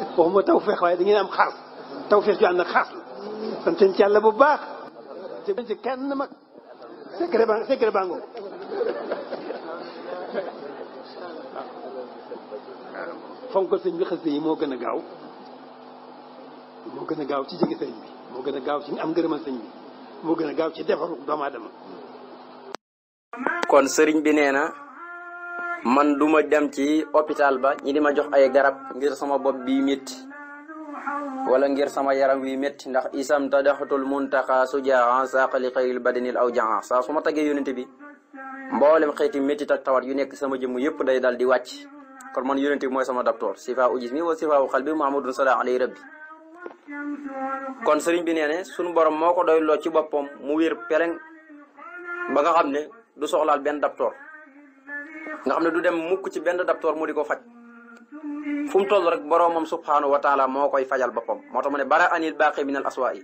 waxuma tawféex waaye da ngeen am xaas tawféex ju ànd ak xaas la bu baax. te bu ci kenn mag secret sëñ bi xasida yi moo gën a gaaw moo gën a gaaw ci jege sëñ bi moo gën a gaaw ci am ngërëmal sëñ bi moo gën a gaaw ci defaru doomu aadama kon sëriñ bi nee man du ma dem ci hôpital ba ñi di ma jox ay garab ngir sama bopp bi métti wala ngir sama yaram wi métti ndax isam tadaxatul muntaqa sujaa saqali xayril badanil aw jaa saa su ma tagee yonente bi mboolem xeeti métti tak tawat yu nekk sama jëmm yëpp day daal di wàcc kon man yonente mooy sama docteur sifa u jismi wa sifa u xalbi muhammadun sala alayhi rabbi kon sëriñ bi nee ne suñu borom moo ko doy loo ci boppam mu wér peleng ba nga xam ne du soxlaal benn docteur nga xam ne du dem mukk ci benn docteur mu di ko faj fu mu toll rek boroomam subhaanahu wa taala moo koy fajal boppam moo tax mu ne bara anil baaqi min al aswaa yi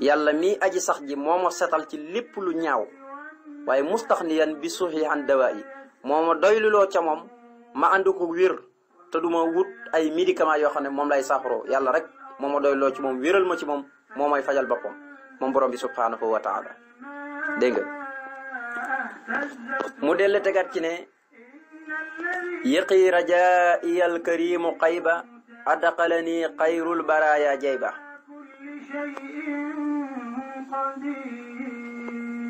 yàlla mii aji sax ji moo ma setal ci lépp lu ñaaw waaye mustaxniyan bi suxi an dawaa yi moo ma doyluloo ca moom ma ànd ko wér te du ma wut ay médicaments yoo xam ne moom lay saxaroo yàlla rek moo ma doyloo ci moom wéral ma ci moom moo may fajal boppam moom borom bi subhaanahu wa taala dégg nga mu delle tegaat ci ne yëqi rajaiya alkarimu qayba ni xayrul baraya jayba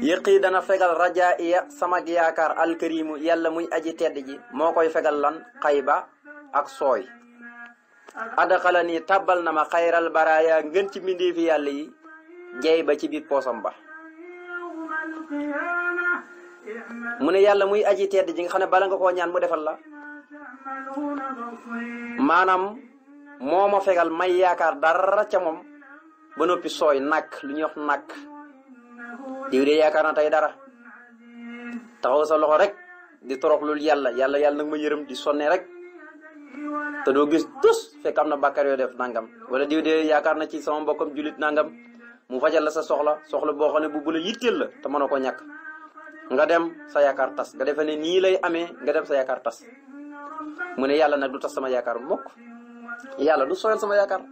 yëqi dana fegal rajaiya samag yaakaar alkarimu yàlla muy aji tedd ji moo koy fegal lan xayba ak sooy ni tàbbal na ma xayral baraya ngën ci mbindeefi yàlla yi jayba ci biir poosam ba mu ne yàlla muy aji tedd ji nga xam ne bala nga koo ñaan mu defal la maanaam moo ma fegal may yaakaar dara ca moom ba noppi sooy nàkk lu ñuy wax nàkk diw yaakaar na tey dara taxaw sa loxo rek di torox lul yàlla yàlla yàlla nag ma yërëm di sonnee rek te doo gis tus fekk am na bàkkaar yoo def nangam wala diw dee yaakaar na ci sama mbokkam julit nangam mu fajal la sa soxla soxla boo xam ne bu bu la yitteel la te mën a ko ñàkk nga dem sa yaakaar tas nga defee ne nii lay amee nga dem sa yaakaar tas mu ne yàlla nag du tas sama yaakaar mukk yàlla du sooyal sama yaakaar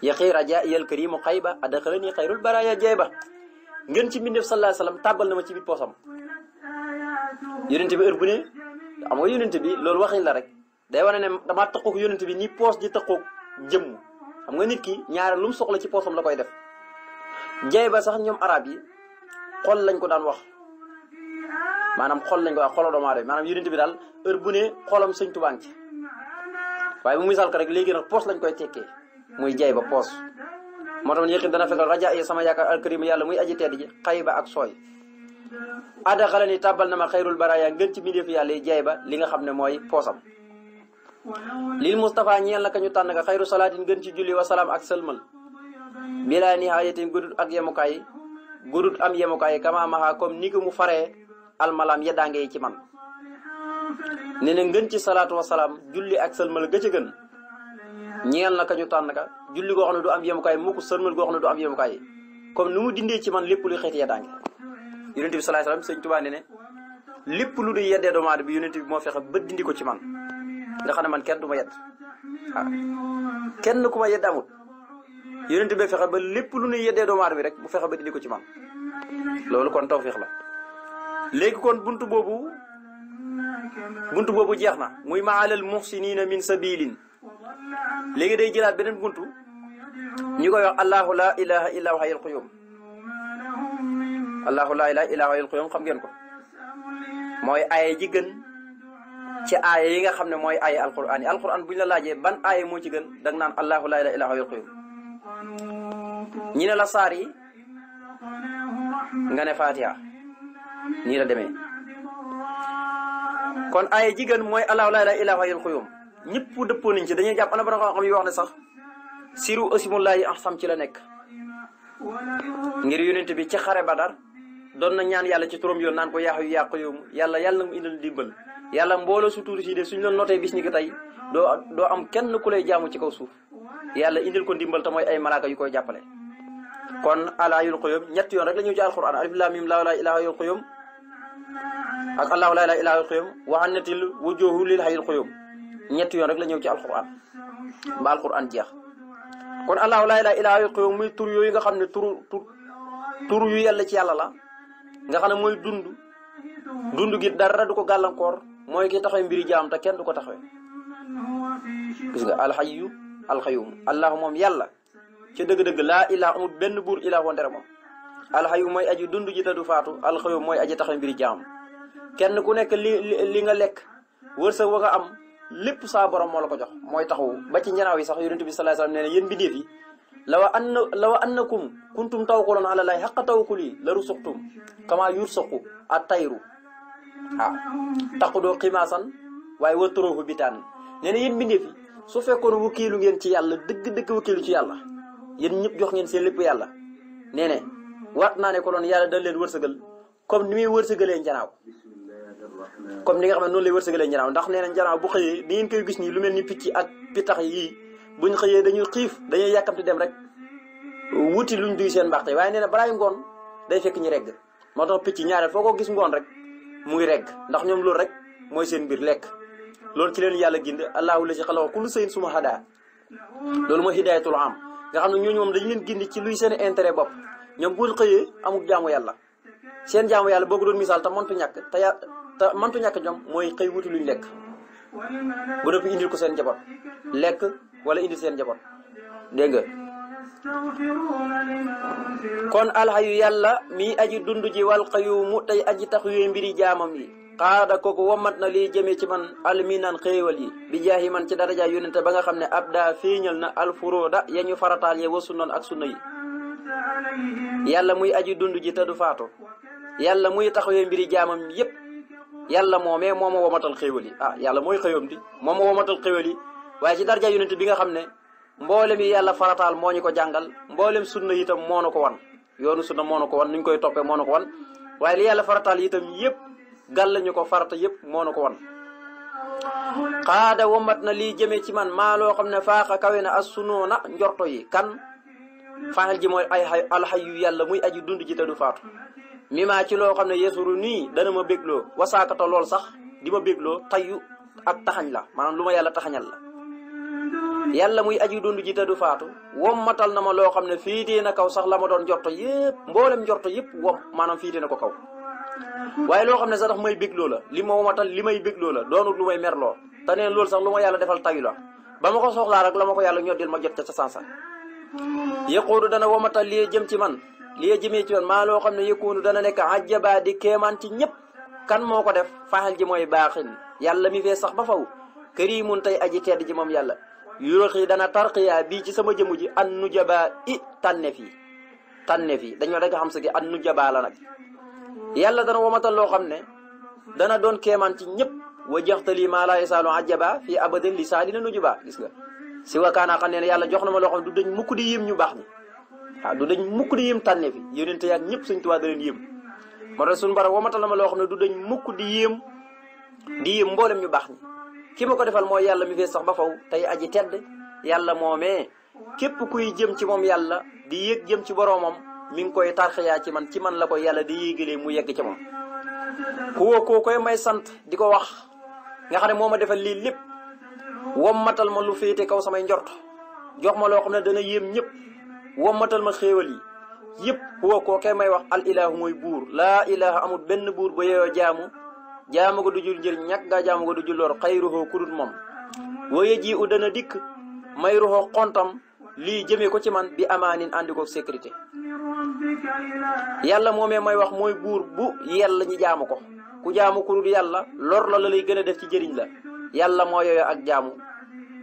yaqiir ajaa iyal karimu xayba adaxalani xayrul baraya jeeba ngeen ci mbindeef sallallahu alayhi wasallam tàbbal na ma ci biir poosam yonente bu ne xam nga yonente loolu waxin la rek day wane ne damaa tëqoog yonente bi ni poos di tëqoog jëmm xam nga nit ki ñaare lu soxla ci poosam la koy def jeeba sax ñoom araab yi xol lañ ko daan wax maanaam xol lañ ko wax xolo doomu aadama maanaam bi daal heure bu ne xolam sëñ tubaa waaye bu misaal ko rek léegi nag poos lañ koy tekkee muy jaay ba poos moo tax yëqin dana fekkal raja yi sama yaakaar alkarim yàlla muy aji tedd ji xay ba ak sooy ada xala ni tàbbal na ma xayrul baraya ngën ci mbindeef yàlla yi jay ba li nga xam ne mooy poosam lil Moustapha ñeel na ka ñu tànn ka xayru salaatin gën ci julli wa salaam ak sëlmal bilaa nihayatin gudut ak yemukaay gudut am yemukaay kama maha comme ni ko mu faree almalaam yeddaange yi ci man ne ne ngën ci salaatu wasalaam julli ak sëlmal ga ca gën ñeel na ka ñu tànn julli goo xam ne du am yemukaay mukk sëlmal goo xam ne du am yemukaay comme ni mu dindee ci man lépp luy xeeti yeddaange yonente bi salaay salaam lépp lu duy yeddee doomu bi yonente bi moo fexe ba dindi ko ci man nga xam ne man kenn du ma yedd kenn ku ma yedd amut yonente bi fexe ba lépp lu nuy yeddee doomu bi rek bu fexe ba dindi ko ci man loolu kon tawfeex la léegi kon buntu boobu buntu boobu jeex na muy maalal muxsinina min sabilin léegi day jëlaat beneen buntu ñu koy wax allahu laa ilaha illa wa hayal quyum allahu laa ilaha illa wa xam ngeen ko mooy aaye ji gën ci aaye yi nga xam ne mooy aaye alquran yi alquran bu ñu la laajee ban aaye moo ci gën dang naan allahu laa ilaha illa wa ñi ne la saar nga ne fatiha nii la demee kon ay jigéen mooy allahu laa ilaaha illaa huwal qayyuum ñëpp dëppoo nañ ci dañuy jàpp ana borom xam-xam yi wax ne sax siru a ahsam ci la nekk ngir yonent bi ci xare ba dar doon na ñaan yàlla ci turam yoon naan ko yaaxu yu yàqu yoom yàlla yàlla mu indil dimbal yàlla mbooloo su tuuti si de suñ la notee bis ni ko tey doo am kenn ku lay jaamu ci kaw suuf yàlla indil ko dimbal te mooy ay malaaka yu koy jàppale kon alaa yul xuyum ñett yoon rek la ñëw ci ak allahu laa ilaaha illaa huwal qayyuum wa annatil wujuuhu lil hayyil qayyuum yoon rek la ñëw ci alquran ba alquran jeex kon allahu laa ilaaha illaa huwal qayyuum muy tur yooyu nga xam ne turu tur tur yu yàlla ci yàlla la nga xam ne mooy dund dund gi dara du ko gàllankoor mooy ki taxawee mbiri jaam te kenn du ko taxawee gis nga alxayu alxayum allahu moom yàlla ci dëgg-dëgg laa ilaha amul benn buur ilaha wandere moom alxayu mooy aji dund ji te du faatu alxayum mooy aji taxawee kenn ku nekk li li nga lekk wërsëg wa nga am lépp saa borom moo la ko jox mooy taxawu ba ci ñanaaw yi sax yonent bi sallallahu alayhi wasallam nee na yéen mbindeef yi law anna law annakum kuntum tawakkaluuna ala llaahi haqqa tawakkulihi la rusuqtum kama yursuqu at-tayru waaw taqudoo ximaasan waaye wa turuhu bitaan nee na yéen mbindeef yi su fekkoon wakiilu ngeen ci yàlla dëgg-dëgg wakiilu ci yàlla yéen ñëpp jox ngeen seen lépp yàlla nee ne waat naa ne ko loon yàlla dañ leen wërsëgal comme ni muy wërsëgalee njanaaw comme ni nga xam ne noonu lay wërsëgalee njanaaw ndax nee na bu xëyee di ngeen nii dañuy xiif dañuy yàkkamti dem rek wuti luñ duy seen mbaax tey waaye nee na balaay ngoon day fekk ñu regg moo tax picc ñaareel foo ko gis ngoon rek mu ngi ndax ñoom loolu rek mooy seen lekk loolu ci leen yàlla gind allahu la si xalaqa kullu shay'in suma hadaa loolu mooy hidayatul am nga xam ne ñooñu moom dañu leen gind ci luy seen intérêt bopp ñoom bu xëyee amul jaamu yàlla seen jaamu yàlla boo ko doon misaal te mëntu ñàkk te te mantu ñàkk ñoom mooy xëy wuti luñ lekk ba noppi indil ko seen njaboot lekk wala indi seen njaboot dégg nga kon alxayu yàlla mii aju dund ji wal xayuumu tey aji taxawee mbiri jaamam yi xaada kooku wommat na lii jëmee ci man alminan xéewal yi bi jaahi man ci daraja yonente ba nga xam ne ab daa na alfuróoda ya ñu farataal ye wa sunnoon ak sunna yàlla muy aju dund ji te du faatu yàlla muy taxawee mbiri jaamam yépp yàlla moomee moo ma womatal xéwal yi ah yàlla mooy xëyam di moo ma womatal xéwal yi waaye ci darja yonent bi nga xam ne mboolem yi yàlla farataal moo ñu ko jàngal mboolem sunna itam moo na ko wan yoonu sunna moo na ko wan nuñ koy toppee moo na ko wan waaye li yàlla farataal itam yëpp gàll ñu ko farata yëpp moo na ko wan xaada womat na lii jëmee ci man maa loo xam ne faa kawe na as sunoona njorto yi kan faxel ji mooy ay alxayu yàlla muy aji dund ji te du mima ci loo xam ne yesuru nii dana ma bégloo wasaakata lool sax di ma bégloo tayyu ak taxañ la maanaam lu ma yàlla taxañal la yàlla muy aji dund ji te du faatu wom matal na ma loo xam ne fiitee na kaw sax la ma doon njorto yëpp mboolem njorto yëpp wom maanaam fiitee na ko kaw waaye loo xam ne sax tax may bégloo la li ma womatal li may bégloo la doonut lu may merloo te neen loolu sax lu ma yàlla defal tayu la ba ma ko soxlaa rek la ma ko yàlla ñoddil ma jot sa sansa yëquudu dana womatal jëm ci man li ya jëmee ci yoon maa loo xam ne yëkkoonu dana nekk ajjabaa di kéemaan ci ñëpp kan moo ko def faxel ji mooy baaxin yàlla mi fee sax ba faw mun tey aji tedd ji moom yàlla yuroxi dana tarqiyaa bii ci sama jëmu ji an nu jabaa i tànne fii tànne fii dañoo dagg xam sa gi an nu jabaa la nag yàlla dana womatal loo xam ne dana doon kéemaan ci ñëpp wa jaxtali maa laa yasaalu ajjaba fii abadin li saa dina nu jubaa gis nga si wakaanaa xam ne yàlla jox na ma loo du dañ mukk di yim ñu baax waaw ah, du dañ mukk di yéem tànneef yi yonente yaag ñëpp sëñ Tuubaa da leen yéem moo tax suñu bara wamatal na ma loo xam ne du dañ mukk di yéem di yéem mboolem baax ñi ki ma ko defal mooy yàlla mi fee sax ba faw tey aji tedd yàlla moomee képp kuy jëm ci moom yàlla di yéeg jëm ci boroomam mi ngi koy tarxiyaa ci man ci man la ko yàlla di yéegalee mu yegg ca moom koo koy may sant di ko wax nga xam ne moo ma defal lii lépp wammatal ma lu féete kaw samay njort jox ma loo xam ne dana yéem ñëpp matal ma xéewal yi yëpp huwa kookee may wax al ilahu mooy buur laa ilaha amul benn buur ba yeyoo jaamu jaamu ko du jur njëriñ ñàkk ngaa jaamu ko du jul lor xayruhoo kudut moom wooye ji u dana dikk may ruxoo xontam lii jëmee ko ci man bi amaanin àndi ko sécurité yàlla moomee may wax mooy buur bu yell ñi jaamu ko ku jaamu kudut yàlla loor la la lay gën a def ci jëriñ la yàlla moo yeyoo ak jaamu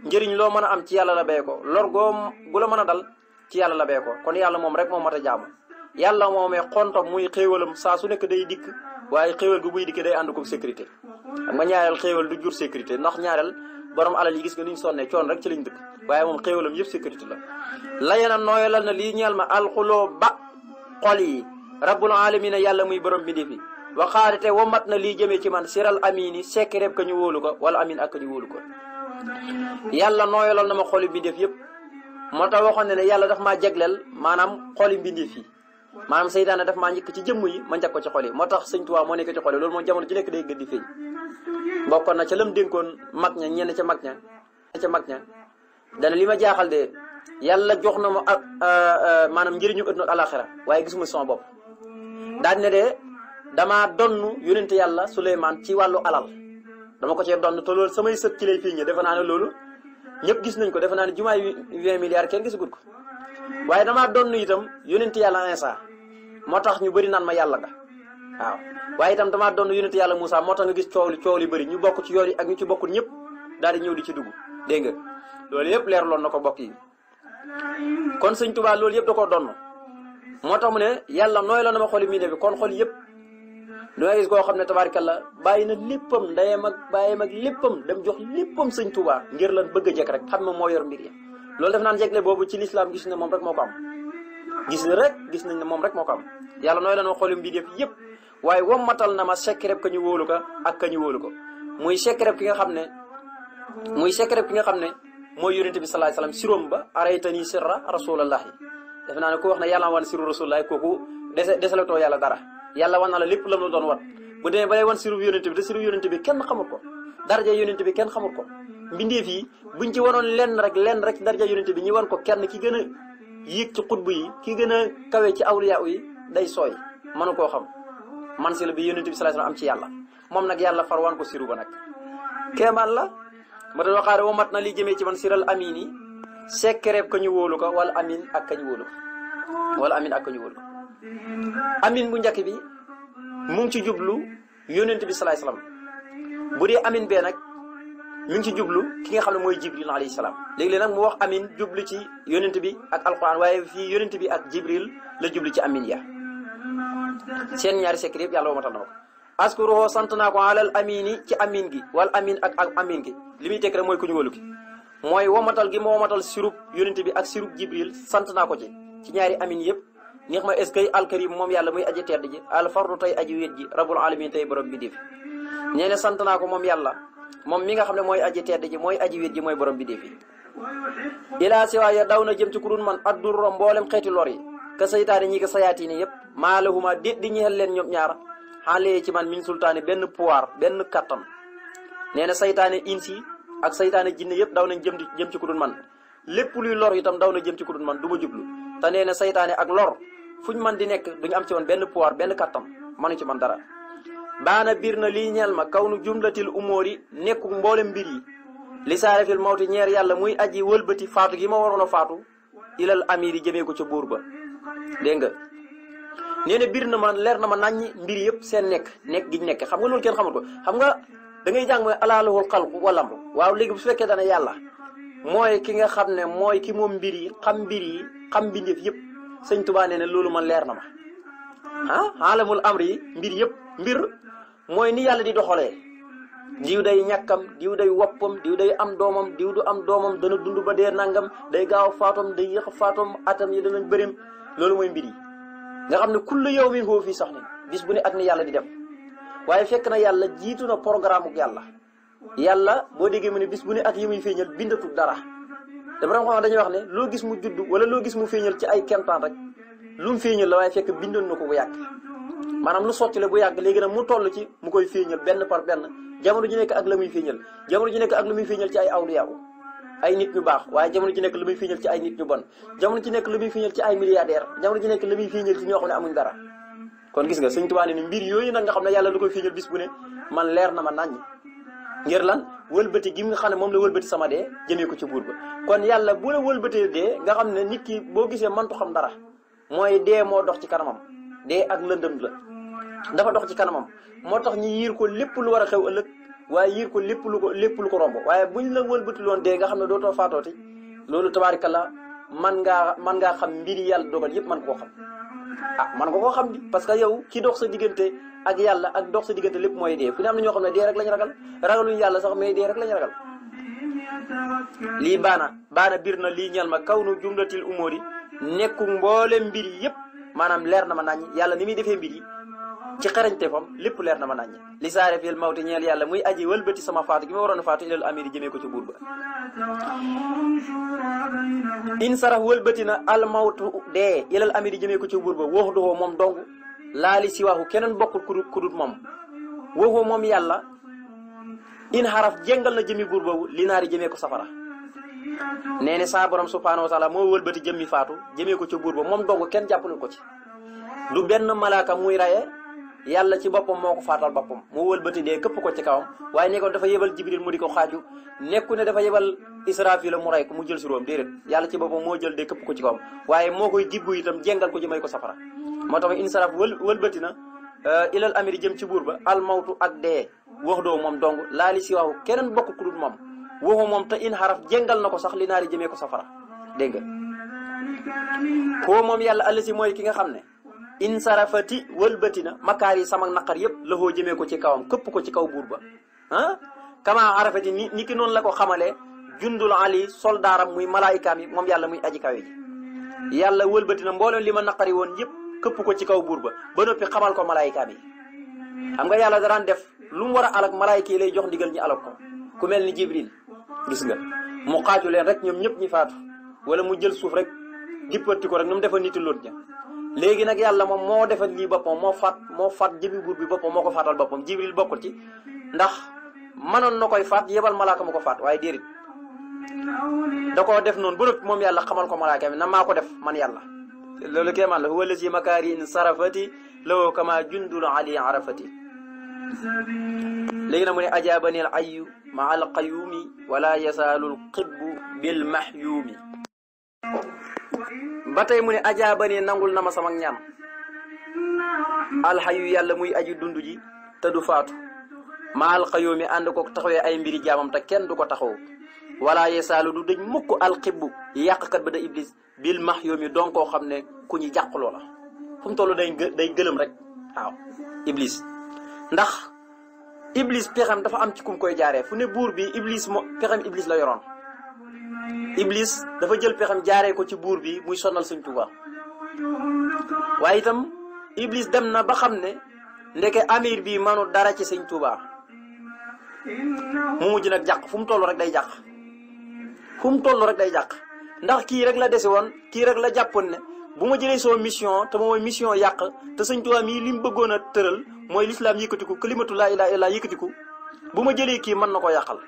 njëriñ loo mën a am ci yàlla la bay ko lor goo bu mën a dal ci yàlla la bee kon yàlla moom rek moo mat a jaamu yàlla moomee xontom muy xéewalam saa su nekk day dikk waaye xéewal gu buy dikk day ànd ko sécurité xam ñaareel xéewal du jur sécurité ndax ñaareel borom alal yi gis nga ni ñu sonnee coon rek ci lañ dëkk waaye moom xéewalam yëpp sécurité la layena nooyalal na lii ñeel ma alxuloo ba xol yi rabbul alamina yàlla muy borom bi defi waxaarite wa mat na lii jëmee ci man siral amini sekk reb ka ñu wóolu ko wala amin ak ka ñu wóolu ko yàlla nooyalal na ma xoli bi def yëpp moo tax waxoon ne ne yàlla daf maa jegleel maanaam xoli mbindeef yi maanaam seytaane daf maa njëkk ci jëmm yi ma njëkk ko ci xol yi moo tax sëñ Tuubaa moo nekk ci xol yi loolu moom jamono ci nekk day gën di feeñ bokkoon na ca lam dénkoon mag ña ñenn ca mag ña ca mag ña dana li ma jaaxal de yàlla jox na ma ak euh, euh, maanaam njëriñu ëtt na waaye gisuma sama bopp daal ne de damaa donn yónente yàlla Suleymaan ci wàllu alal dama ko cee donn te loolu samay sët ci lay feeñee defe naa ne loolu ñëpp gis nañ ko defe naa ne jumaay vingt milliards kenn gisagut ko waaye damaa doon itam yonent yàlla Insa moo tax ñu bëri naan ma yàlla nga waaw waaye itam damaa doon yonent yàlla Moussa moo tax nga gis coow li coow li bëri ñu bokk ci yoon yi ak ñu ci bokkul ñëpp daal di ñëw di ci dugg dégg nga loolu yëpp leerloon na ko bokk yi kon sëñ Tuubaa loolu yëpp da koo donn moo tax mu ne yàlla nooy la na ma xooli mii bi kon xool yëpp da ngay gis koo xam ne tabaarkalla bàyyi na léppam ndeyam ak bàyyam ak léppam dem jox léppam sëñ Tuubaa ngir lan bëgg a jekk xam ne moo yor mbir yi loolu def naan jegle boobu ci lislaam gis ne moom rek moo ko gis ne rek gis nañ ne moom rek moo ko am yàlla nooy lanoo xooli mbir yëpp waaye wommatal na ma sekkereb ka ñu wóolu ko ak ka ñu wóolu ko muy sekkereb ki nga xam ne muy sekkereb ki nga xam ne mooy yonente bi salaay salaam siróom ba araytani sirra rasulallahi def naa ne ku wax ne yàlla wan siru rasulallahi kooku dese deselatoo yàlla dara yàlla wan na la lépp lam la doon wan bu demee ba lay wan sirub yonent bi te sirub kenn xamul ko daraja yonent bi kenn xamul ko mbindeef yi buñ ci wanoon lenn rek lenn rek daraja yonent bi ñu wan ko kenn ki gën a yéeg ci xutbu yi ki gën a kawe ci awliya yi day sooy mënu koo xam man si la bi yonent bi sallallahu alayhi am ci yàlla moom nag yàlla far wan ko siru ba nag kéemaan la ma doon waxaare wa mat na lii jëmee ci man siral amin yi sekkereeb ka ñu wóolu ko wala amin ak ka ñu wóolu ko wala amin ka ñu amin bu njëkk bi mu ngi ci jublu yonent bi salaay salaam bu dee amin bee nag mi ngi ci jublu ki nga xam ne mooy jibril alayhi salaam léegi-léeg nag mu wax amin jublu ci yonent bi ak alquran waaye fii yonent bi ak jibril la jublu ci amin ya seen ñaari secret yëpp yàlla wamatal na ko askuruhu sant naa ko alal amini ci amin gi wala amin ak ak amin gi li muy tekk mooy ku ñu wóolu gi mooy womatal gi moo womatal sirub yonent bi ak sirub jibril sant naa ko ci ci ñaari amin yëpp neex ma est-ce que alkarim moom yàlla muy aji tedd ji alfardu tey aji wéet ji rabul alamin tey borom bi di fi nee naa ko moom yàlla moom mi nga xam ne mooy aji tedd ji mooy aji wéet ji mooy borom bi di fi ilaa siwaa daw na jëm ci ku dul man addurro mboolem xeeti lor yi ka saytaane ñi ko sayaati ni yëpp maa lahuma déet di ñeel leen ñoom ñaar xaalee ci man min sultaani benn pouvoir benn kattan nee na saytaane insi ak saytaane jinne yëpp daw nañ jëm jëm ci ku dul man lépp luy lor itam daw na jëm ci ku dul man du ma jublu te nee na saytaane ak lor fu ñu mën di nekk duñu am ci woon benn pouvoir benn kattan mënuñ ci man dara na biir na lii ñeel ma kaw nu jumlatil umóor yi nekku mboolem mbir yi li saarefil mawti ñeer yàlla muy aji wëlbati faatu gi ma waroon a faatu ilal amir yi jëmee ko ca buur ba dégg nga nee na biir na ma leer na ma naññi mbir yëpp seen nekk nekk giñ nekk xam nga loolu kenn xamul ko xam nga dangay jàng mooy alaaluhul xal wala mu waaw léegi bu fekkee dana yàlla mooy ki nga xam ne mooy ki moom mbir yi xam mbir yi xam mbindeef yëpp sëñ Tuubaa nee na loolu man leer na ma ah xaalamul amri yi mbir yëpp mbir mooy ni yàlla di doxalee diw day ñàkkam diw day woppam diw day am doomam diw du am doomam dana dund ba dee nangam day gaaw faatom day yéex faatoom atam yi danañ bërim loolu mooy mbir yi nga xam ne kullu yow mi foofu fii sax ni bis bu ne at ni yàlla di dem waaye fekk na yàlla jiitu na programme ak yàlla yàlla boo déggee mu ne bis bu ne ak yi muy feeñal bindatul dara te borom xam dañuy wax ne loo gis mu judd wala loo gis mu feeñal ci ay kemtaan rek lu mu feeñal la waaye fekk bindoon na ko bu yàgg maanaam lu sotti bu yàgg léegi nag mu toll ci mu koy feeñal benn par benn jamono ji nekk ak la muy feeñal jamono ji nekk ak la muy feeñal ci ay awliya ay nit ñu waaye jamono ji nekk la muy feeñal ci ay nit ñu bon jamono ji nekk la muy feeñal ci ay milliardaire jamono ji nekk la muy ñoo xam ne amuñ dara kon gis nga sëñ Tuubaa ni mbir yooyu nag nga xam ne yàlla lu koy feeñal bis bu ne man leer na ma naññ ngir lan walbati gi nga xam ne moom la wëlbati sama dee jëmee ko ca buur ba kon yàlla bu la wëlbatee dee nga xam ne nit ki boo gisee mëntu xam dara mooy dee moo dox ci kanamam dee ak lëndëm la dafa dox ci kanamam moo tax ñi yiir ko lépp lu war a xew ëllëg waaye yiir ko lépp lu ko lépp lu ko romb waaye bu ñu la wëlbati loon dee nga xam ne dootoo faatooti loolu tabaarikalla man ngaa man ngaa xam mbiri yàlla dogal yëpp man koo xam ah man nga koo xam parce que yow ki dox sa diggante ak yàlla ak dox sa diggante lépp mooy dee fu ne am na ñoo xam ne dee rek lañ ragal ragaluñu yàlla sax mais dee rek lañ ragal lii baana baana bir na lii ñal ma kaw nu jumlatil umóori nekku mboole mbir yi yëpp maanaam leer na ma naññ yàlla ni muy defee mbir yi ci xarañte fam lépp leer na ma naññ li saare fil mawti ñeel yàlla muy aji wëlbati sama faatu gi ma waroon a faatu ilal amiri jëmee ko ci buur ba in sarax wëlbati na al mawtu dee ilal amiri jëmee ko ci buur ba wax laali si waaxu keneen bokkul kudut kudut moom woowu moom yàlla in xaraf jéngal na jëmi buur boobu li naari jëmee ko safara nee ne saa borom subhaanahu wa moo wëlbati jëmmi faatu jëmee ko ca buur ba moom dong kenn jàppale ko ci du benn malaaka muy raye yàlla ci boppam moo ko faatal boppam mu wëlbati dee këpp ko ci kawam waaye nekkoon dafa yebal jibril mu di ko xaaju nekku ne dafa yebal israfil mu rey ko mu jël suróom déedéet yàlla ci boppam moo jël dee këpp ko ci kawam waaye moo koy jibbu itam jengal ko ci may ko safara moo tax insaraf wël wëlbati na euh, ilal amiri jëm ci buur ba almawtu ak dee wax doo moom dong laali si waaw keneen bokk ku dul moom waxu moom te in xaraf jéngal na ko sax li naari ko safara dégg yàlla àll si mooy ki nga xam ne insarafati wëlbati na makaar yi sama naqar yëpp la koo jëmee ko ci kawam këpp ko ci kaw buur ba ah kama arafati ni ni ki noonu la ko xamalee jundul ali soldaaram muy malaayikaam yi moom yàlla muy aji kawe yàlla wëlbati na mboolem li ma naqari woon yëpp këpp ko ci kaw buur ba ba noppi xamal ko malaayikaam yi xam nga yàlla daraan def lu mu war a alak malaayika yi lay jox ndigal ñi alak ko ku mel ni jibril gis nga mu xaaju leen rek ñoom ñëpp ñi faatu wala mu jël suuf rek dippati ko rek nu mu niti lóot ña léegi nag yàlla moom moo defal lii boppam moo faat moo faat jëmi buur bi boppam moo ko faatal boppam jibril bokkul ci ndax mënoon na koy faat yebal malaaka ma ko faat waaye déedéet da koo def noonu ba noppi moom yàlla xamal ko malaaka mi na maa ko def man yàlla loolu kéemaan la huwa lazi makaari in sarafati law kama jundul ali arafati léegi nag mu ajaabani al ayyu ma al qayuumi wala yasaalu al qibbu bil mahyuumi ba tey mu ne ajaabani nangul na ma sama ñaan alxayu yàlla muy aji dund ji te du faatu ma alxayoomi ànd ko taxawee ay mbiri jaamam te kenn du ko taxaw wala yesaalu du dëj mukk alxibbu yàqkat ba da iblis bil max yoomi doon koo xam ne ku ñu jàqloo la fu toll day day gëlëm rek waaw iblis ndax iblis pexam dafa am ci kum koy jaaree fu ne buur bi iblis mo pexam iblis la yoroon Iblis dafa jël pexam jaaree ko ci buur bi muy sonal Sëñ Tuubaa waaye itam Iblis dem na ba xam ne ndeke amir bi manu dara ci Sëñ tubaa mu mujj nag jàq fu mu toll day jàq fu mu toll day jàq ndax kii rek la dese woon kii rek la jàppoon ne bu ma jëlee soo mission te mooy mission yàq te Sëñ Tuubaa mii li mu bëggoon a tëral mooy lislaam yëkkatiku kalimatu laa ilaaha illallaah yëkkatiku bu ma jëlee kii mën na ko yàqal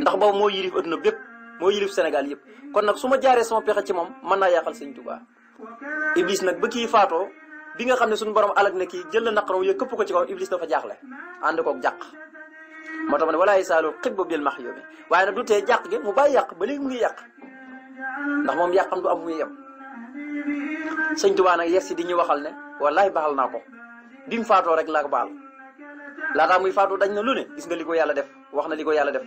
ndax boobu moo yilif adduna bépp moo yilif Sénégal yëpp kon nag su ma jaaree sama pexe ci moom mën naa yàqal sëñ Tuubaa Iblis nag ba kii faatoo bi nga xam ne suñu borom alag na kii jël la naqaram yooyu këpp ko ci kaw Iblis dafa jaaxle ànd koog jàq moo tax ma ne walaay saalul xib boobu del max yóbbi waaye nag du jàq gi mu bàyyi yàq ba mu ngi yàq ndax moom yàqam du am muy yem sëñ Tuubaa nag si di ñu waxal ne walaay baal naa ko bi mu faatoo rek laa ko baal laataa muy faatoo dañ na lu gis nga li ko yàlla def wax na li ko yàlla def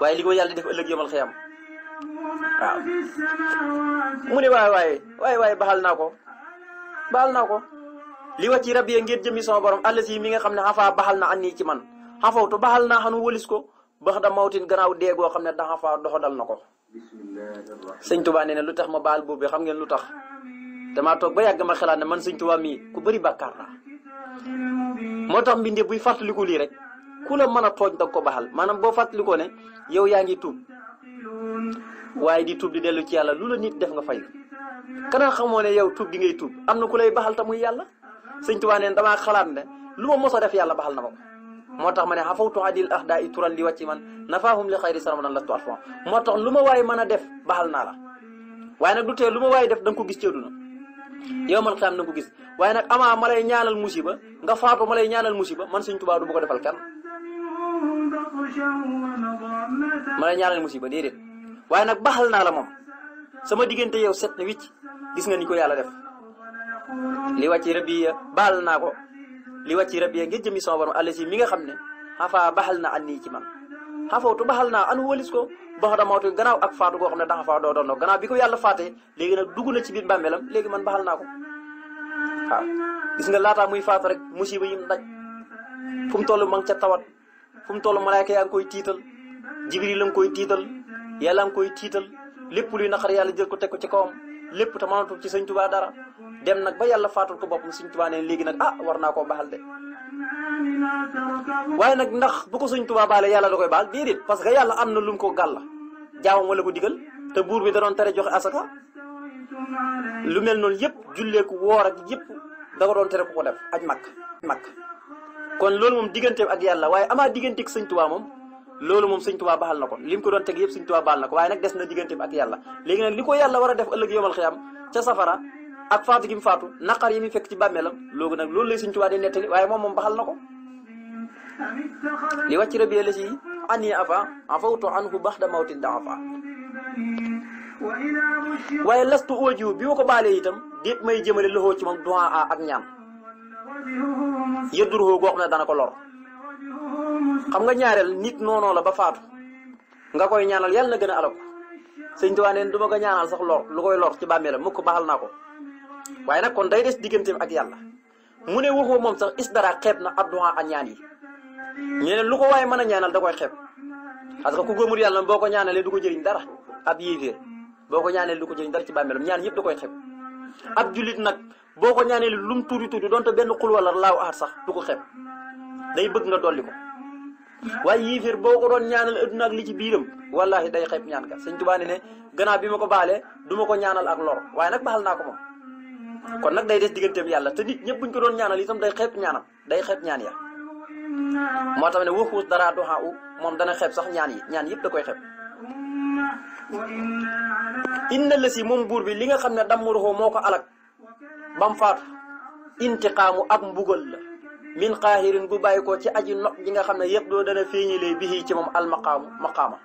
waaye li ko yàlla def ëllëg yomal mu ne waaye waaye waaye baxal naa ko baxal naa ko li wax ci rabbi ngeen jëmi sama borom àll si mi nga xam ne xafaa baxal na an nii ci man xafawtu baxal naa xanu wëlis ko bax da mawtin gannaaw dee goo xam ne da xafaa doxadal na ko sëñ Tuubaa nee na lu tex ma baal boobu xam ngeen lu tax damaa toog ba yàgg ma xalaat ne man sëñ Tuubaa mii ku bëri bàkkaar la moo tax mbindee buy fàttaliku lii rek ku la mën a tooñ da ko baxal maanaam boo fàttalikoo ne yow yaa ngi tub waaye di tuub di dellu ci yàlla lu la nit def nga fay kanaa xamoo ne yow tuub gi ngay tuub am na ku lay baxal ta muy yàlla sëñ Tuubaa neen damaa xalaat ne lu ma mos a def yàlla baxal na ma ko moo tax ma ne xafawtu adil ah daa i di li wàcci man nafaahum li xayri saramadan lastu alfon moo tax lu ma waaye man a def baxal naa la waaye nag du tee lu ma waaye def da ko gis ci àdduna yow man na ko gis waaye nag amaa ma lay ñaanal musiba nga faatu ma lay ñaanal musiba man sëñ Tuubaa du ma la ñaanal musiba déedéet waaye nag baxal naa la moom sama diggante yow set na wicc gis nga ni ko yàlla def li wàcci rabbi ya baal naa ko li wàcci rabbi ya ngir jëmi sama borom àll si mi nga xam ne xafaa baxal na an nii ci man xafawtu baxal naa an walis ko bax da mawtu gannaaw ak faatu goo xam ne daxa faa doo doon gannaaw bi ko yàlla faatee léegi nag dugg na ci biir bàmmeelam léegi man baxal naa ko waaw gis nga laataa muy faatu rek musiba yim daj fu mu toll ngi ca tawat fu mu toll malaayka yaa ngi koy tiital jibril la nga koy tiital yàlla nga koy tiital lépp luy naqar yàlla jël ko teg ko ci kawam lépp te mënatul ci sëñ tubaa dara dem nag ba yàlla faatul ko boppam sëñ tubaa ne léegi nag a ah, war naa koo baxal de waaye nag ndax bu ko sëñ tubaa baale yàlla da koy baal déedéet parce que yàlla am na lu mu ko gàll jaamam wala ko digal te buur bi da doon tere joxe asaka lu mel noonu yëpp julleeku woor ak yëpp da ko tere ku ko def aj makk makk kon loolu moom digganteem ak yàlla waaye amaa digganteeg sëñ Tuubaa moom loolu moom sëñ Tuubaa baxal na ko li mu ko doon teg yëpp sëñ Tuubaa baxal na ko waaye nag des na digganteem ak yàlla léegi nag li ko yàlla war a def ëllëg yomal xiyam ca safara ak faatu gi mu faatu naqar yi mu fekk ci bàmmeelam loolu nag loolu lay sëñ Tuubaa di nettali waaye moom moom baxal na ko li wàcc rabbi la si an afa afawtu anhu baxda mawti daafa waaye lastu oojiwu bi ma ko baalee itam déet may jëmale loxoo ci moom duwaa ak ñaan yëdduruhoo goo xam ne dana ko lor xam nga ñaareel nit noonoo la ba faatu nga koy ñaanal yàlla na gën a alal ko sëñ Tuubaa neen du ma ko ñaanal sax lor lu koy lor ci bàmmeelam mukk baxal naa ko waaye nag kon day des digganteem ak yàlla mu ne waxoo moom sax is dara xeeb na adduwaa ak ñaan yi ñu ne lu ko waaye mën a ñaanal da koy xeeb parce que ku gëmul yàlla boo ko ñaanalee du ko jëriñ dara ab yéeféer boo ko ñaanalee du ko jëriñ dara ci bàmmeelam ñaan yëpp da koy xeeb ab boo ko ñaanee lu mu tuuti tuuti donte benn xul wala laaw aar sax du ko xeeb day bëgg nga dolli ko waaye yéeféer boo ko doon ñaanal adduna ak li ci biiram wallahi day xeeb ñaan ka sëñ Tuubaa ne ne bi ma ko baalee du ma ko ñaanal ak lor waaye nag baal naa ko moom kon nag day des digganteem yàlla te nit ñëpp ko doon ñaanal itam day xeeb ñaanam day xeeb ñaan ya moo tax ne waxuus dara doxa u moom dana xeeb sax ñaan yi ñaan yëpp da koy xeeb inna la si moom buur bi li nga xam ne dammaruxoo moo ko alak bam faatu intiqaamu ab mbugal la min qaahirin gu bàyyi ko ci aji noq ji nga xam ne yëpp doo dana feeñalee bihi ci moom al maqaama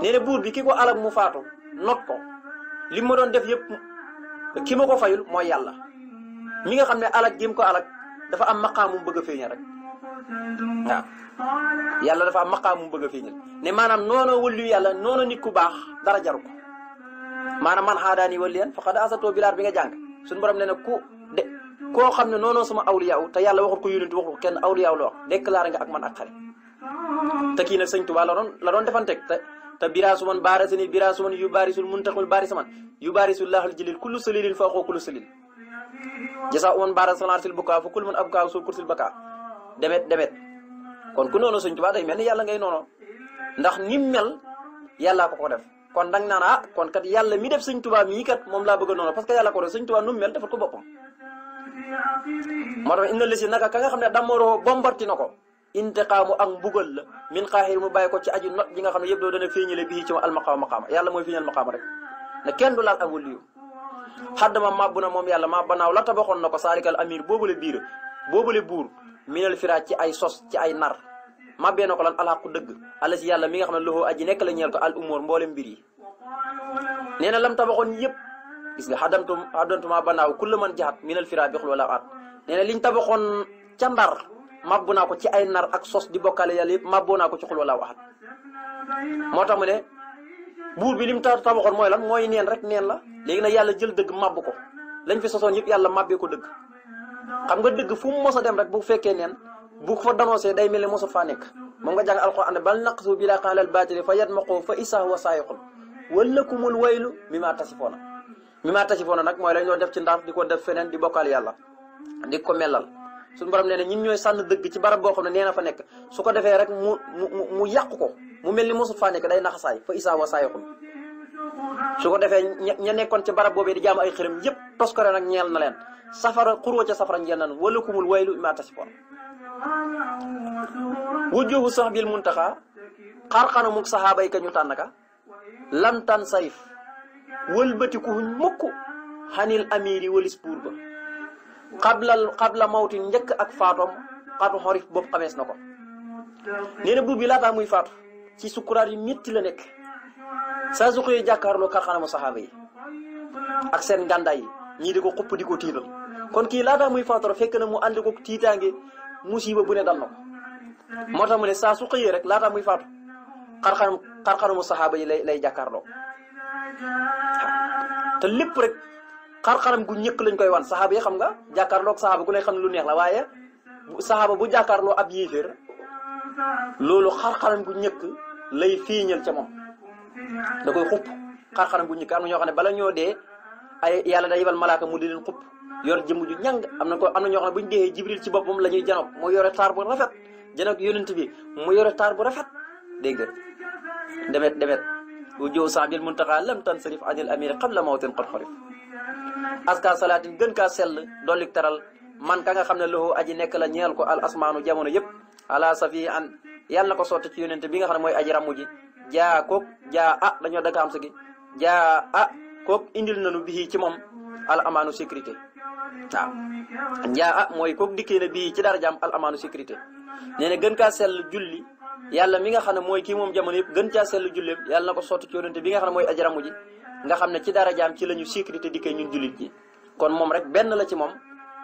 nee na buur bi ki ko alak mu faatu not ko li ma doon def yëpp ki ma ko fayul mooy yàlla mi nga xam ne alag gi ko alag dafa am maqaamu mu bëgg a feeñal rek waaw yàlla dafa am maqaamu mu bëgg a ne maanaam noonu wëllu yàlla noonu nit ku baax dara jaru ko maanaam man xaadaani waliyan faqad asatoo bilaat bi nga jàng suñu borom nee na ku de koo xam ne noonu sama awliyaaw te yàlla waxul ko yónent waxul kenn awliyaaw la wax déclaré nga ak man ak xarit te kii sëñ Tuubaa la doon la doon defanteeg te te biraasu man baara sani biraasu man yu baarisul muntaxul baarisa man yu baarisul laahal jilil kullu salilin fa xoo kullu salil jasa uman baara sanarsil bukaa fa kullu man abkaa suu kursil bakaa demet demet kon ku noonu sëñ Tuubaa day mel ni yàlla ngay noonu ndax nim mel yàllaa kon dang naan ah kon kat yàlla mi def sëñ Tuubaa mii kat moom laa bëgg a noonu parce que yàlla ko def sëñ Tuubaa nu mel defal ko boppam moo tax inna lisi naka ka nga xam ne damoroo bombarti na ko xaamu ak mbugal la min xaaxir mu bàyyi ko ci aju not ji nga xam ne yëpp doo dana feeñale bii ci ma almaqaama yalla yàlla mooy feeñal maqaama rek ne kenn du laal ak waliyu ma màbbu na moom yàlla ma banaaw la tabaxoon na ko saalikal amir boobule biir boobule buur minal firaat ci ay sos ci ay nar mabbee na ko lan alxaqu dëgg ala yàlla mi nga xam ne loxoo aji nekk la ñeel ko al umur mboolem mbir yi nee na lam tabaxoon yëpp gis nga xadamtum xadamtuma banaaw kulla man jaxat minal fira bi xul wala at nee na liñ tabaxoon ca ndar mabbu naa ko ci ay nar ak sos di bokkaale yàlla yëpp mabboo naa ko ci xul wala waxat moo tax mu ne buur bi lim tabaxoon mooy lan mooy neen rek neen la léegi nag yàlla jël dëgg mabbu ko lañ fi sosoon yëpp yàlla mabbee ko dëgg xam nga a dem rek bu fekkee neen bu fa danoosee day mel ne mosu faa nekk moom nga jàng alquran ne bal naqsu bi laa xaalal baatili fa yatmaqu fa isaa wa saayiqun walakumul waylu mi maa tasifoona mi maa tasifoona nag mooy lañ doon def ci ndaaf di ko def feneen di bokkal yàlla di ko melal suñu borom nee na ñun ñooy sànn dëgg ci barab boo xam ne nee na fa nekk su ko defee rek mu mu mu yàq ko mu mel ni mosu faa nekk day naxasaay fa isaa wa saayiqun su ko defee ña nekkoon ci barab boobee di jaam ay xërëm yëpp tos ko ren ak ñeel na leen safara xuroo ca safara ñeel nan walakumul waylu mi maa tasifoona wujjuhu sax bil muntaxa xarxana muk saxaaba yi ka ñu tànn ka lan tan sayf wëlbatiku ba xabla xabla mawti njëkk ak faatoom xatu xorif boobu xamees na ko nee bi laataa muy faatu ci sukkuraat yu métti la nekk saa su xëyee jàkkaarloo xarxanamu ak seen ngàndaay yi ñii di ko xupp di ko tiital kon kii laataa muy faatu fekk na mu ànd ko tiitaange musiba bu ne dal na moo tax mu ne saa su xëyee rek laata muy faatu xarxanam xarxanamu saxaaba yi lay lay jàkkaarloo te lépp rek xarxanam gu ñëkk lañ koy wan saxaaba yi xam nga jàkkaarloo ak saxaaba gu ne xam ne lu neex la waaye saxaaba bu jàkkaarloo ab yéeféer loolu xarxanam gu ñëkk lay fiiñal ca moom da koy xupp xarxanam gu ñëkk am ñoo xam ne bala ñoo dee ay yàlla day yebal malaaka mu di leen xupp yor jëmm ju ñàng am na ko am na bu ñu dee jibril ci boppam la ñuy janoog mu yor taar bu rafet janoog yonent bi mu yor taar bu rafet dégg nga demet demet u jow saabil muntaxa lam tan sarif anil amiri qabla mawtin qad xarif aska salaatin gën kaa sell dollik taral man ka nga xam ne loxo aji nekk la ñeel ko al asmaanu jamono yëpp ala safi an yàlla na ko sotti ci yonent bi nga xam ne mooy aji ramu ji jaa koog jaa ah dañoo daka am sa jaa ah koog indil nanu bii ci moom al amaanu sécurité waaw njaa ah mooy kooku dikkee na bii ci darajaam al amaanu sécurité nee na gën kaa sell julli yàlla mi nga xam ne mooy kii moom jamono yëpp gën caa sell julleem yàlla na ko sotti ci bi nga xam ne mooy ajaramu nga xam ne ci darajaam ci la ñu sécurité dikkee ñun jullit ji kon moom rek benn la ci moom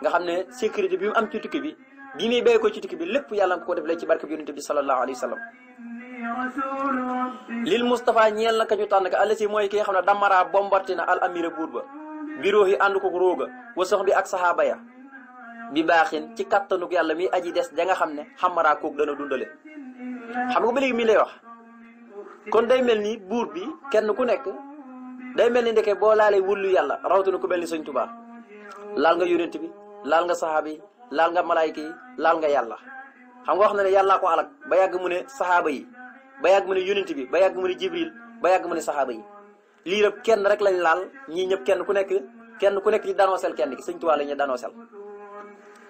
nga xam ne sécurité bi mu am ci tukki bi bi muy béy ko ci tukki bi lépp yàlla nga ko def lay ci barke bi yonente bi sallallahu alayhi wa sallam lil Moustapha ñeel na ka ñu tànn ka alasi mooy ki nga xam ne damara bombarti na al amira buur ba biroox yi ànd ko rooga wa bi ak saxaaba ya bi baaxin ci kattanuk yàlla mi aji des da nga xam ne xamaraa koog dana dundale xam nga ba mi lay wax kon day mel ni buur bi kenn ku nekk day mel ni ndeke boo laalee wullu yàlla rawatina ku mel ni sëñ Tuubaa laal nga yonent bi laal nga saxaaba yi laal nga malaayka yi laal nga yàlla xam nga wax na ne yàllaa ko alak ba yàgg mu ne saxaaba yi ba yàgg mu ne yonent bi ba yàgg mu ne jibril ba yàgg mu ne saxaaba lii nag kenn rek lañ laal ñii ñëpp kenn ku nekk kenn ku nekk di danoosel kenn ki sëñ Tuubaa la ñuy danoosel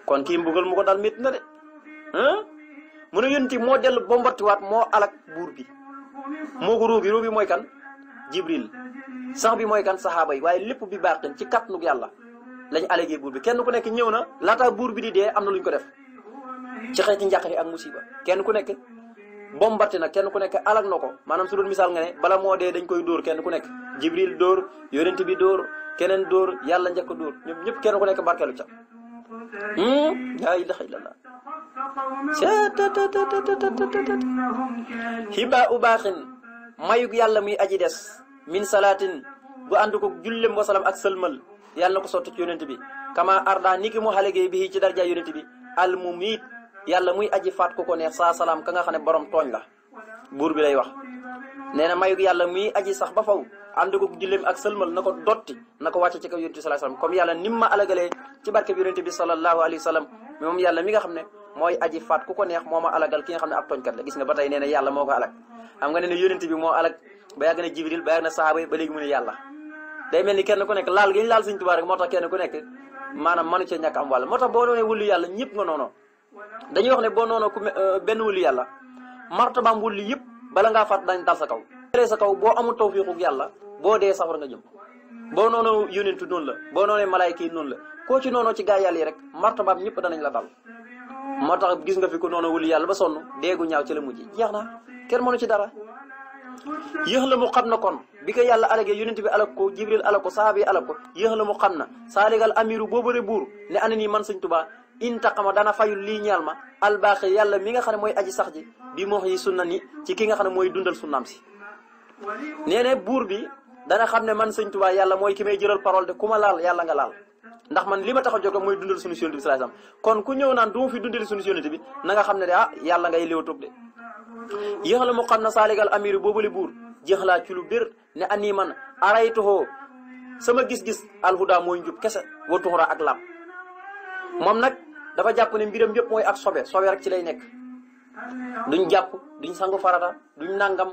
kon kii mbugal mu ko dal métti na de mu ne yonent moo dellu bombartiwaat moo alak buur bi moo ko ruubi ruubi mooy kan jibril sax bi mooy kan saxaaba yi waaye lépp bi baaxin ci kàttanug yàlla lañu alégee buur bi kenn ku nekk ñëw na laataa buur bi di dee am na luñ ko def ci xeeti njàqare ak musiba kenn ku nekk mbombati nag kenn ku nekk alag na ko maanaam su doon misaal nga ne bala moo dee dañ koy dóor kenn ku nekk jibril dóor yonent bi dóor keneen dóor yàlla njëkk dóor ñoom ñëpp kenn ku nekk barkeelu ca hmm? laa ilaha illallah cettt hiba u baaxin mayug yàlla muy aji des min salaatin bu ànd ko jullem wasalam ak sëlmal yàlla na ko sotti ci yonent bi kama arda niki mu xale géey bi ci darja yonent bi al mumiit yàlla muy aji faat ku ko neex saa salaam ka nga xam ne borom tooñ la buur bi lay wax nee na mayu yàlla muy aji sax ba faw ànd ko julleem ak sëlmal na ko dotti na ko wàcce ci kaw yonent bi sallallahu alayhi wasallam comme yàlla moom yàlla mi nga xam ne mooy aji faat ku ko neex moo ma alagal ki nga xam ne ab tooñkat la gis nga ba tey nee na yàlla moo ko alag xam nga ne ne yonent bi moo alag ba yàgg na jibril ba yàgg na sahaaba yi ba léegi mu ne yàlla day mel ni kenn ku nekk laal laal Sëñ moo tax kenn nekk maanaam manu cee ñàkk am wàll moo boo doonee wullu yàlla ñëpp nga noonu dañuy wax ne boo noonu ku euh, benn wuli yàlla martabaam wuli yëpp bala ngaa faat dañ dal sa kaw. boo sa kaw boo amul tawfiixu yàlla boo dee safar nga jëm boo noonu yónentu noonu la boo noonee malaayka yi la koo ci noonu ci gaa yàlla yi rek martabaam ñëpp danañ la dal. moo tax gis nga fi ko noonu wuli yàlla ba sonn deegu ñaaw ci la mujj jeex na kenn mënu ci dara yéex la mu xam na kon bi ko yàlla alagee yonent bi alag ko jibril alag ko saaba yi alag ko yéex la mu xam ma dana fayul lii ñeel ma albaaxi yàlla mi nga xam ne mooy aji sax ji bi moox yi sunna ni ci ki nga xam ne mooy dundal sunnaam si nee ne buur bi dana xam ne man sëñ Tuubaa yàlla mooy ki may jëral parole de ku ma laal yàlla nga laal ndax man li ma tax a jóg la mooy dundal suñu yonent bi sallallahu alayhi kon ku ñëw naan du ma fi dundal suñu yonent bi na nga xam ne de ah yàlla ngay léew toog de yéexal mu xam na saaligal amir boobule buur jeexlaa ci lu bir ne ani man araytuhoo sama gis-gis alhuda mooy njub kese wa tuxura ak laam dafa jàpp ne mbiram yëpp mooy ak sobe sobe rek ci lay nekk duñ jàpp duñ sangu du duñ nangam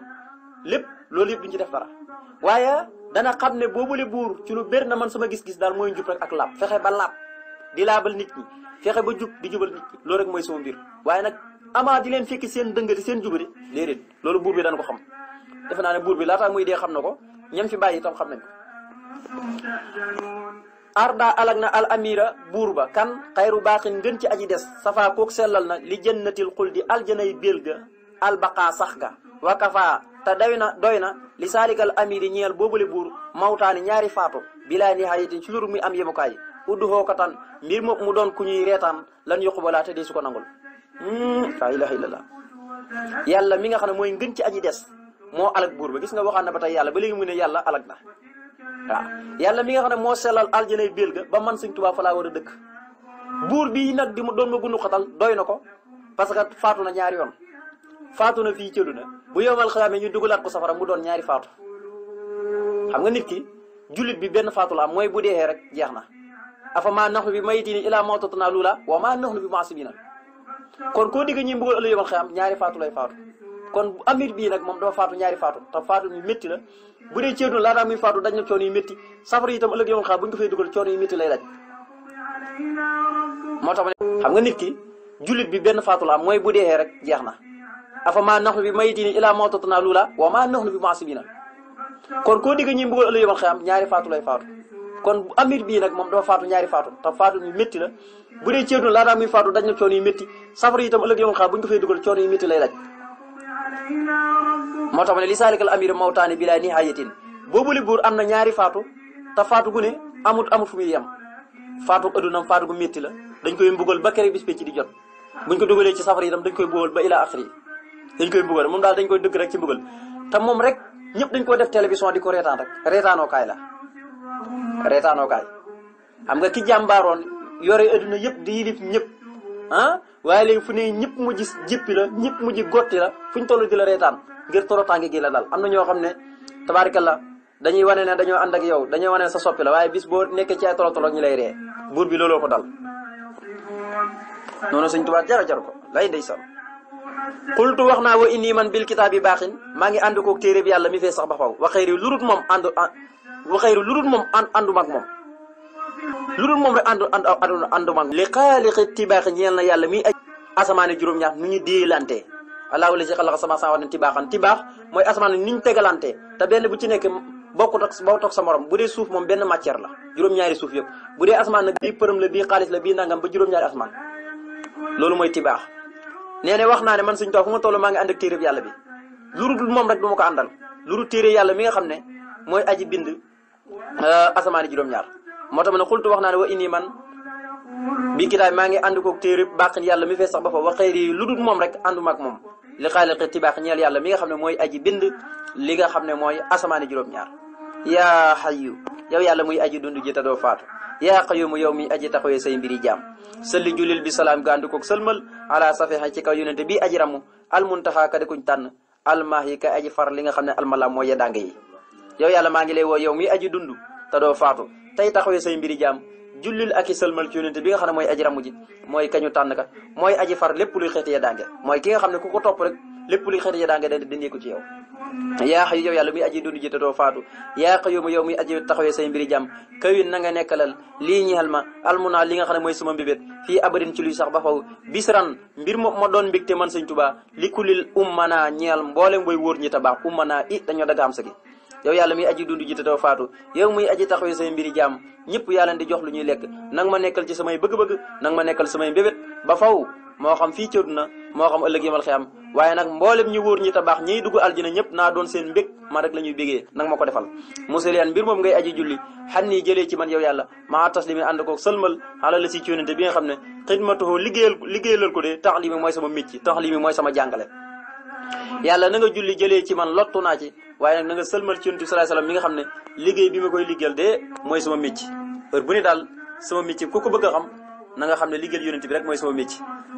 lépp loolu yëpp duñ ci def dara waaye dana xam ne boobule buur ci lu bér na man sama gis-gis daal mooy njub rek ak laab fexe ba laab di laabal nit ñi fexe ba jub di jubal nit loolu rek mooy sama mbir waaye nag amaa di leen fekki seen dëngati seen jubari déedéet loolu buur bi dañ ko xam defe naa ne buur bi laataa mooy dee xam na ko ñam fi bàyyi itam xam na ko arda alag na al amira buur ba kan xayru baaxin ngën ci aji des safaa kook sellal na li jannatil di aljanay bél ga albaqaa sax ga wakafaa te doy na doy na li saalikal amiri ñeel boobule buur mawtaani ñaari faatu bilaa nihayatin ci lur muy am yemukaay uddu xookatan mbir mu doon ku ñuy reetaan lan yuqbalaa te dee su ko nangul hmm, laa ilaha yàlla mi nga xam ne mooy ngën ci aji des moo alag buur ba gis nga waxaan na ba tey yàlla ba léegi mu ne yàlla alag na waaw ah, yàlla mi nga xam ne moo sellal aljanay biel ba man sëñ Tuubaa fa laa war a dëkk buur bii nag di ma doon ma gundu xatal doy na ko parce que faatu na ñaari yoon faatu na fii cëdu na bu yomal xalaame ñu dugalaat ko safara mu doon ñaari faatu xam nga nit ki jullit bi benn faatu laa am mooy bu deexee rek jeex na afa maa naxnu bi mayitiini ilaa mawtatunaa luula wa maa naxnu bi maasibiina kon koo digg ñuy mbugal ëllëg yomal xalaam ñaari faatu lay faatu kon bu amir bii nag moom dafa faatu ñaari faatu te faatu yu métti la bu dee ceedu laataa muy faatu na coono yu yi itam ëllëg yoon xaar bu ñu ko dugal coono yu métti lay daj moo tax ma ne nit ki jullit bi benn faatu la bu deexee rek jeex na afa maa naxnu bi mayitii ni ilaa mawtatanaa luula wa maa naxnu bi maasibiina kon koo digg ñi mbugal ëllëg yoon xaar ñaari faatu lay faatu kon bu amir bii nag moom dafa faatu ñaari faatu te faatu yu métti la bu dee ceedu laataa muy faatu daj na coono yu métti safara yi itam ëllëg yoon xaar bu ñu fee fay dugal coono yu métti lay daj moo tax ma ne li saalikal amir mawtaani bi laa nihayatin boobule buur am na ñaari faatu te faatu gu amut amut fu muy yem faatu addunam faatu gu metti la dañ koy mbugal ba kere bis ci di jot buñ ko dugalee ci safara itam dañ koy mbugal ba ila axri dañ koy mbugal moom daal dañ koy dëkk rek ci mbugal te moom rek ñëpp dañ ko def télévision di ko reetaan rek reetaanoo kaay la reetaanoo kaay xam nga ki jàmbaaroon yore adduna yëpp di yilif ñëpp ah waaye léegi fu ne ñëpp mu ji jippi la ñëpp mu ji gotti la fu ñu toll di la reetaan ngir torotaange gi la daal am na ñoo xam ne la dañuy wane na dañoo ànd ak yow dañuy wane ne sa soppi la waaye bis boo nekkee ci ay tolo tolo ñu lay ree buur bi looloo ko dal noonu suñ tubaab jara jar ko lay ndeysaan qultu wax naa wa inni man bil kitaabi baaxin maa ngi ànd koog téere bi yàlla mi fee sax ba faw wa xayri lurut moom ànd wa xayri lurut moom ànd ànduma moom lu dul moom rek ànd ànd ànd àndumaan li xaaliqi tibaax ñeel na yàlla miy aj asamaane juróom-ñaar nu ñu déelante alaahu la si xalaqa sama saawaati tibaaxan tibaax mooy asamaan ni ñu tegalante te benn bu ci nekk bokkut ak bokkut ak sa morom bu dee suuf moom benn matière la juróom-ñaari suuf yëpp bu dee asamaan nag bii përëm la bii xaalis la bii nangam ba juróom-ñaari asamaan loolu mooy tibaax nee ne wax naa ne man suñu toog fu ma toll maa ngi ànd ak yàlla bi lu dul moom rek du ko àndal lu téere yàlla mi nga xam ne mooy aji bind euh, asamaani juróom-ñaar moo tax ma ne xultu wax na ne wa inni man bi kitaab maa ngi ànd koog téere bàqin yàlla mi fee sax ba fa wa xëyri yi lu dul moom rek ànduma ak moom li xaaliqi tibaax ñeel yàlla mi nga xam ne mooy aji bind li nga xam ne mooy asamaani juróom-ñaar yaa xayu yow yàlla muy aji dund ji te doo faatu yaa qayyuumu yow mi aji taxawee say mbiri jaam sëlli julil bi salaam gàndu koog sëlmal ala safiha ci kaw yonente bii aji ramu almuntaha ka dikuñ tànn almaax yi ka aji far li nga xam ne almalaam mooy yeddaange yi yow yàlla maa ngi lay woo yow mi aji dund te doo faatu tey taxawee say mbiri jaam jullil ak i sëlmal ci bi nga xam ne mooy aji ramu mooy kañu tànn ka mooy aji far lépp luy xeeti ya mooy ki nga xam ne ku ko topp rek lépp luy xeeti ya daange da dindee ko ci yow yaa xayu yow yàlla muy aji dund ji te doo faatu yaa xayuma yow muy aji taxawee say mbiri jàmm kawin na nga li lii ñeel ma almuna li nga xam ne mooy sama mbibét fii abadin ci luy sax ba faw bisran mbir moom ma doon mbégte man sëñ tubaa li kulil ummana ñeel mboolem booy wóor ñi tabax ummana i dañoo daga am sa gi yow yàlla muy aji dund ji te doo faatu yow muy aji taxawee say mbiri jàmm ñëpp yàlla di jox lu ñuy lekk nang ma nekkal ci samay bëgg-bëgg nang ma nekkal samay mbébét ba faw moo xam fi ci na moo xam ëllëg yemal xiyam waaye nag mboolem ñi wóor ñi te baax ñiy dugg aljina ñëpp naa doon seen mbég ma rek la ñuy bégee nag ma ko defal musaliyan mbir moom ngay aji julli xan nii jëlee ci man yow yàlla maa taslimi ànd koog sëlmal ala la si ci yonente bi nga xam ne xidmatuhu liggéeyal liggéeyalal ko de taxlimi mooy sama micc taxlimi mooy jàngale yàlla na nga julli jëlee ci man lottu naa ci waaye nag na nga sëlmal ci yonent bi salaay salaam mi nga xam ne liggéey bi ma koy liggéeyal de mooy sama micc heure bu ne daal sama micc ku ko bëgg a xam na xam ne liggéeyal yonent bi rek mooy sama micc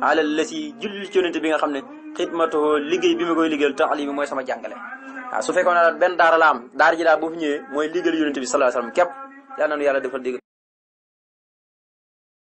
alal la si julli ci yonent bi nga xam ne xidmatoo liggéey bi ma koy liggéeyal taalim mooy sama jàngale waaw su fekkoon ne benn daara la am daara ji daal boo fi ñëwee mooy liggéeyal sa bi salaay salaam képp yàlla na nu yàlla defal dégg